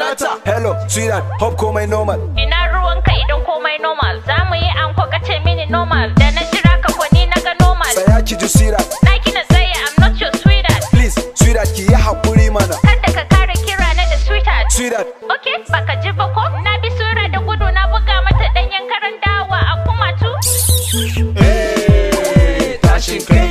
Gata hello, sweetheart, hope komai normal. Ina ruwan ruwanka idan komai normal, za mu yi anko ka mini normal, da na jira ka kwani na ga normal. Saya ki ji sweetheart. Na kina tsaye, I'm not your sweetheart. Please, sweetheart ki yi hakuri mana. Kada ka kare kira na da sweetheart. Sweetheart. Okay, baka ji ba ko? Na bi sura da gudu na buga mata danyen karan dawa a kumatu. Hey, eh, tashin kai.